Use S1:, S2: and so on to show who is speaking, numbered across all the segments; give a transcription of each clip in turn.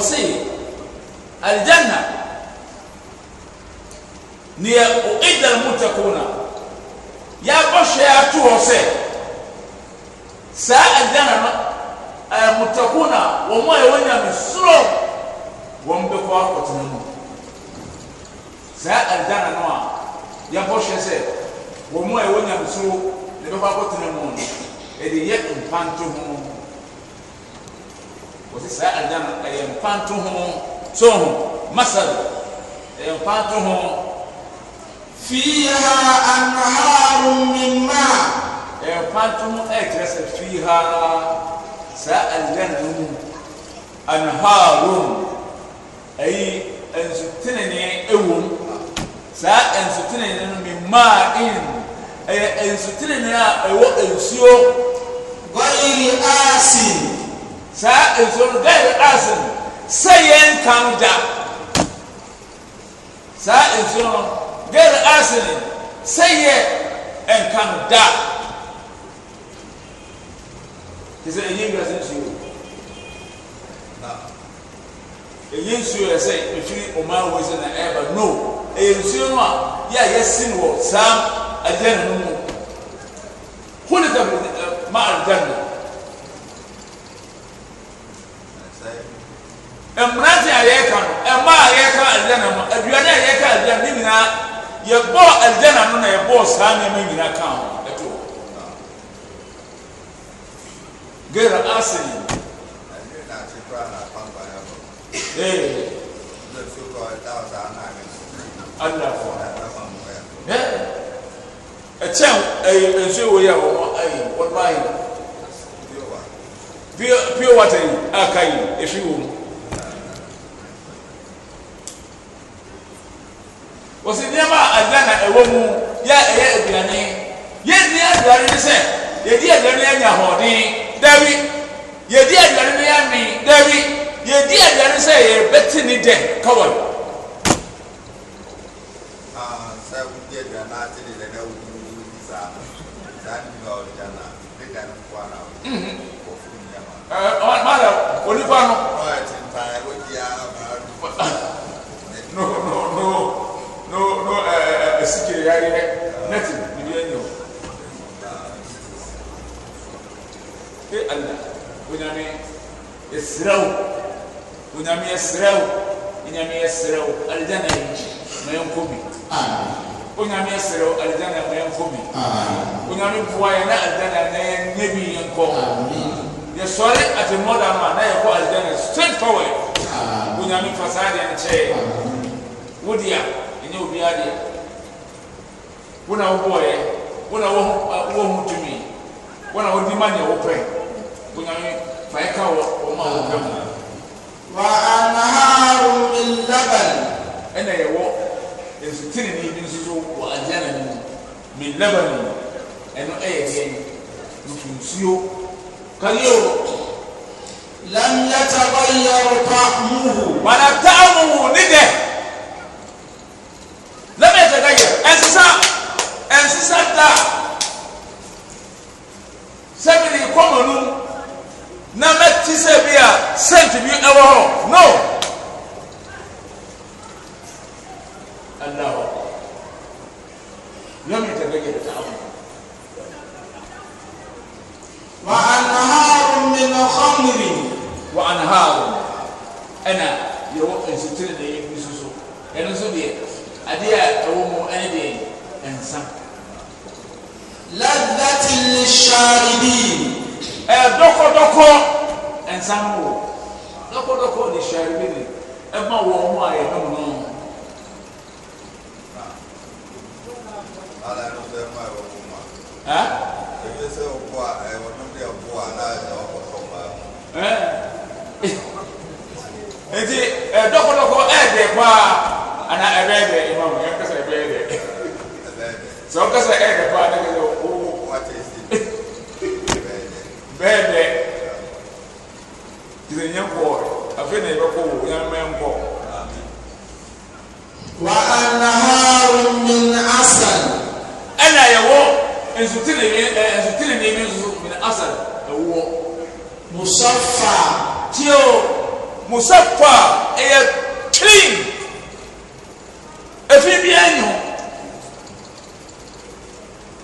S1: se aljana iyɛ uida almutakuna yabɔsyɛ yatwɔ sɛ saa aanamutakuna eh, wɔnmuayɛwanya sro wɔm bka btena mu saa aljana na yabɔsyɛ sɛ wmua ɛwnya soro nek a btena mu ɛdi yɛ panton saa adan ayɛpath soh masado ayɛ pthayɛ path yɛkɛsɛ fiha saa adannu anharun ayi ansutinane wom saa ansutinan n min ma in yɛansutinane a ɛwɔ asuo sa nso daytdasen sayɛ nam da saa ansono gaytd aseni sayɛ nkam da ke se ayi basnso ayen s asai fr omawusene ayba no aye suyo nwa yayasin wo sam ajɛ nmu koluda maarganna mrati ayɛka ɛma ayɛ ka alijɛna mu aduane ayɛ ka alijɛna di nyina yɛbɔ alijɛna n na yɛbɔ sa neɛma nyina kam ɛt gɛaseyianyaiayi ai wɔsi nneɛma aduane a ɛwɔ mu yɛ ɛyɛ aduane yɛdi aduane ne sɛ yɛdi aduane yɛ nya ahoɔden dɛbi yɛdi aduane ne yɛ mi dɛbi yɛdi aduane sɛ yɛbɛti ne dɛ kɔwɔ. Mm-hmm. Uh, eh, madam, onipa no direct. Nothing. We didn't know. Hey Allah. Unyami yasraw. Unyami yasraw. Unyami yasraw. Aljana yinji. Mayon kumi. Unyami yasraw. Aljana mayon kumi. Unyami buwaya na aljana na yan nebi yan ko. Yasore at a mother man na yako aljana straight forward. Unyami fasadi yan che. Wudia. Inyo biya dia. wọn uh, a wɔbɔɔyɛ wọn a wɔhu tumi wọn a wɔdi ma nea wɔpɛ onyame fa ɛka wɔ wɔn a wɔpɛ mu. wa anaharu min laban. ɛna yɛwɔ nsutiri bi nso so wɔ adeɛ na mu min laban ɛno ɛyɛ deɛ nsuo kalio. lam yatabayyaru ta'muhu. wala ta'muhu ne dɛ. kɔma no na mɛte sɛ bi a sent bi ɛwɔ hɔ no allahu لم يتبين التعامل وأنهار من خمر وأنهار أنا يوم ستر دي بسوسو أنا سودي أدي أوم أنا إنسان لذة للشاربين ɛɛ dɔkɔdɔkɔ ɛnsan wɔ dɔkɔdɔkɔ de hyɛn bi ni ɛma wɔn ho a yɛn nom nom. nti ɛdɔkɔdɔkɔ ɛɛdɛ paa ana ɛbɛɛdɛ ɛma wɔn yɛn kasa ɛbɛɛdɛ sɛ ɔkasa ɛɛdɛ paa ne kasa. sɛ nyɛ kɔɔ afei na yɛbɛkɔ wo yɛmɛn kɔ وأنهار من عسل ألا يو إن ستلني إن ستلني من من عسل هو مصفى تيو مصفى هي clean efi bi enyi ho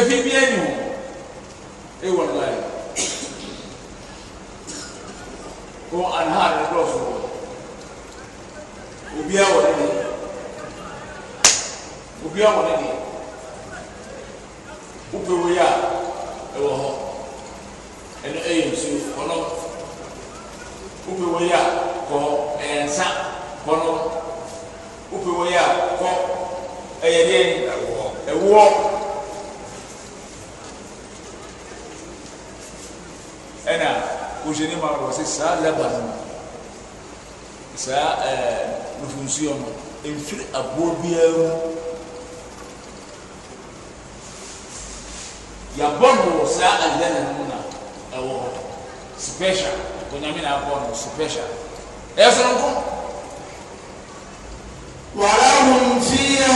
S1: efi bi enyi ho ewa lai ko anha ne dɔɔso obia wɔ ne deɛ obia wɔ ne deɛ wopɛ wo yɛ a ɛwɔ hɔ ɛno ɛyɛ nsuo kɔnɔ wopɛ wo yɛ a kɔ ɛyɛ nsa kɔnɔ wopɛ wo yɛ a kɔ ɛyɛ deɛ ɛwoɔ. ṣe ní mara wọ sẹ saa lẹba no saa ẹẹ nufunsuo no nfiri aboɔ biara mu yabɔ no wɔ saa adeɛ na mu na ɛwɔ hɔ special onyame na abɔ no special ɛyɛ sɔrɔ nko. wàhálà wọn fi yà.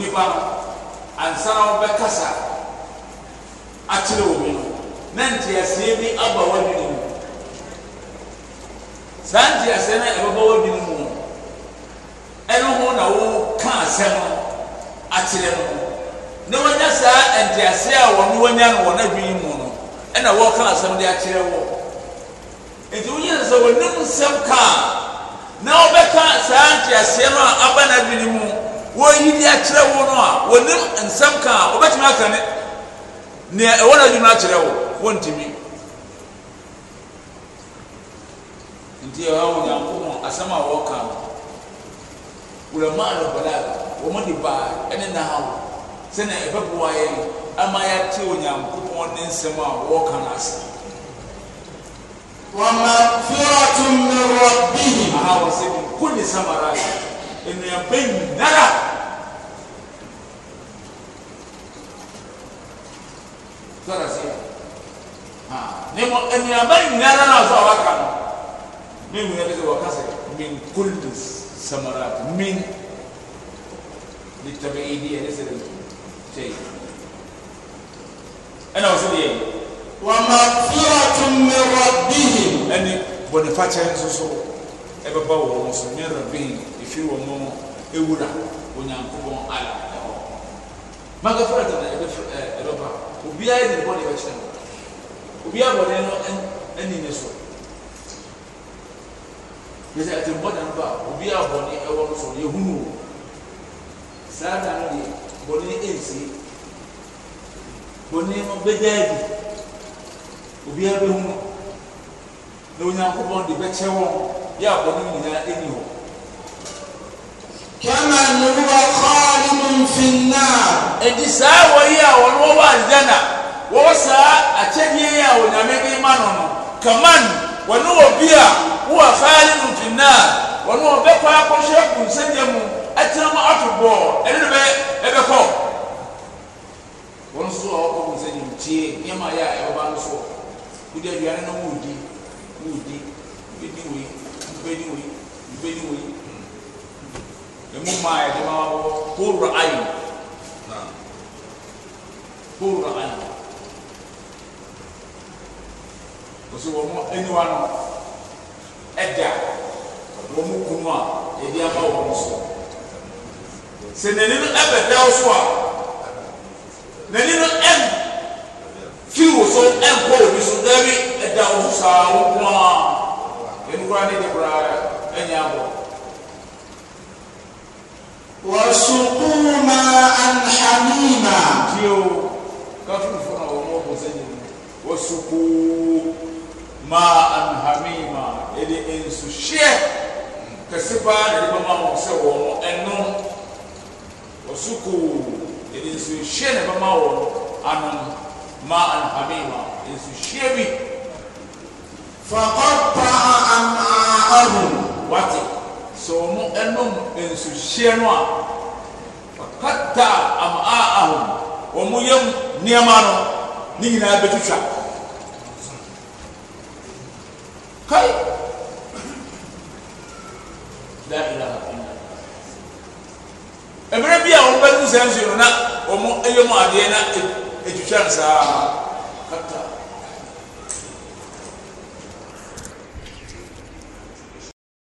S1: nnipa no ansa na wɔbɛkasa akyerɛ wɔ mi no na nteaseɛ bi aba w'adwene mu saa nteaseɛ no ɛbɛba w'adwene mu ɛno ho na wɔka asɛm no akyerɛ no na wɔnya saa nteaseɛ a wɔn wɔnya no wɔn adwene mu no ɛna wɔka asɛm de akyerɛ wɔ nti wonyɛ sɛ wɔnim nsɛm kaa na wɔbɛka saa nteaseɛ no a aba n'adwene mu wɔyi ni akyerɛ wo no a wɔnim nsɛm ka a wɔbɛtumi aka ne nea ɛwɔ no adwuma akyerɛ wo wɔntumi nti ɛwɔ wo nyankopɔn asɛm a wɔka no wurama arabalag wɔn de baa ɛne nahaw sɛnea ɛbɛboa yɛ no ama yɛate onyankopɔn ne nsɛm a wɔka no ase ومغفرة من ربهم. أها وسيم كل سمرات ن كسمرت تي فة مرهن ɛbɛba wɔn so ne rabin efiri wɔn ewura onyankopɔn ala ɛhɔ magafra tana ɛbɛfra ɛ ɛbɛba obiara de bɔ ne bɛkyerɛ no obiara bɔ ne no ɛni ne so yɛsɛ ɛte bɔ ne no ba obiara bɔ ne ɛwɔ no so ne ehunu o saa ta no deɛ bɔ ne ɛnsie bɔ ne no bɛgya adi obiara bɛhunu na onyankopɔn de bɛkyɛ wɔn yɛ abɔne nyinaa ɛni hɔ kɛmɛn huwa khalidun finnar edi saa wɔyi a wɔn wɔwɔ aljana wɔwɔ saa akyɛdeɛ yi a onyame de ma no no kaman wɔne wɔ bi a huwa khalidun finnar wɔne wɔ bɛkɔ akɔhyɛ kunsɛdeɛ mu ɛtena mu ato bɔɔ ɛne ne bɛ ɛbɛkɔ wɔn nso a wɔkɔ kunsɛdeɛ mu tie nneɛma yɛ a ɛwɔ ba no so wodi aduane no wɔredi wɔredi wɔredi beni woyi beni woyi emu maa yɛ de ma wɔ kóòrò ayi kóòrò ayi wosi wɔn eniwa no ɛda wɔn kunu a yɛde aba wɔn so sɛ n'ani no ɛbɛda so a n'ani no ɛn fi wo so ɛnkɔ omi so dɛbi ɛda wo so saa wo kunu kura ne de kura ɛnya bɔ. wasuku ma anhamima. tí o káfíń fún àwọn ọmọ ọkọ sẹ́yìn ní wasuku ma anhamima ɛdi nsu hyɛ kɛse paa na ɛdi ma wɔn sɛ wɔn ɛnum wasuku ɛdi nsu hyɛ na ɛbɛ ma wɔn anum ma anhamima nsu hyɛ bi. at mhm wat so o mu ɛnom nsu shɛ na kata amaahum omu yn neɛmano nigina bwtwa abene bia wonu bɛnusnsnuna omu yo adna wsa